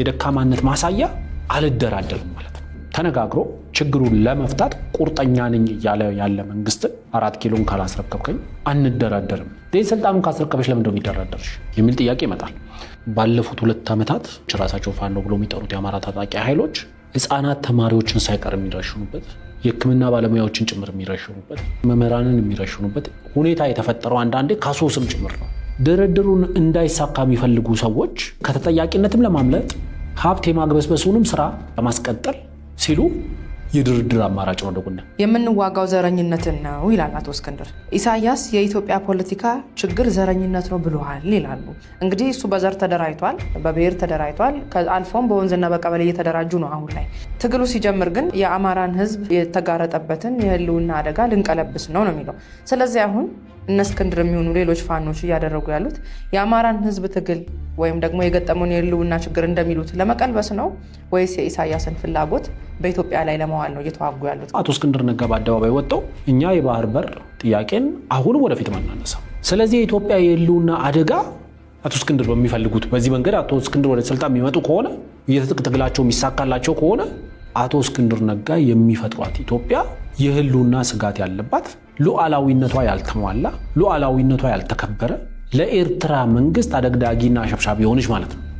የደካማነት ማሳያ አልደራደርም ማለት ነው። ተነጋግሮ ችግሩን ለመፍታት ቁርጠኛ ነኝ እያለ ያለ መንግስትን አራት ኪሎን ካላስረከብከኝ አንደራደርም፣ ስልጣኑን ካስረከበች ለምንድነው የሚደራደርሽ የሚል ጥያቄ ይመጣል። ባለፉት ሁለት ዓመታት ራሳቸው ፋኖ ብሎ የሚጠሩት የአማራ ታጣቂ ኃይሎች ህፃናት ተማሪዎችን ሳይቀር የሚረሽኑበት የህክምና ባለሙያዎችን ጭምር የሚረሽኑበት መምህራንን የሚረሽኑበት ሁኔታ የተፈጠረው አንዳንዴ ከሶስም ጭምር ነው። ድርድሩን እንዳይሳካ የሚፈልጉ ሰዎች ከተጠያቂነትም ለማምለጥ ሀብት የማግበስበሱንም ስራ ለማስቀጠል ሲሉ የድርድር አማራጭ ነው። ደጉና የምንዋጋው ዘረኝነትን ነው ይላል አቶ እስክንድር። ኢሳያስ የኢትዮጵያ ፖለቲካ ችግር ዘረኝነት ነው ብለዋል ይላሉ። እንግዲህ እሱ በዘር ተደራጅቷል፣ በብሔር ተደራጅቷል፣ አልፎም በወንዝና በቀበሌ እየተደራጁ ነው። አሁን ላይ ትግሉ ሲጀምር ግን የአማራን ህዝብ የተጋረጠበትን የህልውና አደጋ ልንቀለብስ ነው ነው የሚለው። ስለዚህ አሁን እነ እስክንድር የሚሆኑ ሌሎች ፋኖች እያደረጉ ያሉት የአማራን ህዝብ ትግል ወይም ደግሞ የገጠመውን የህልውና ችግር እንደሚሉት ለመቀልበስ ነው ወይስ የኢሳያስን ፍላጎት በኢትዮጵያ ላይ ለመዋል ነው እየተዋጉ ያሉት? አቶ እስክንድር ነጋ በአደባባይ ወጥተው እኛ የባህር በር ጥያቄን አሁንም ወደፊት መናነሳ፣ ስለዚህ የኢትዮጵያ የህልውና አደጋ አቶ እስክንድር በሚፈልጉት በዚህ መንገድ አቶ እስክንድር ወደ ስልጣን የሚመጡ ከሆነ የትጥቅ ትግላቸው የሚሳካላቸው ከሆነ አቶ እስክንድር ነጋ የሚፈጥሯት ኢትዮጵያ የህልውና ስጋት ያለባት ሉዓላዊነቷ ያልተሟላ ሉዓላዊነቷ ያልተከበረ ለኤርትራ መንግስት አደግዳጊና ሸብሻቢ የሆነች ማለት ነው።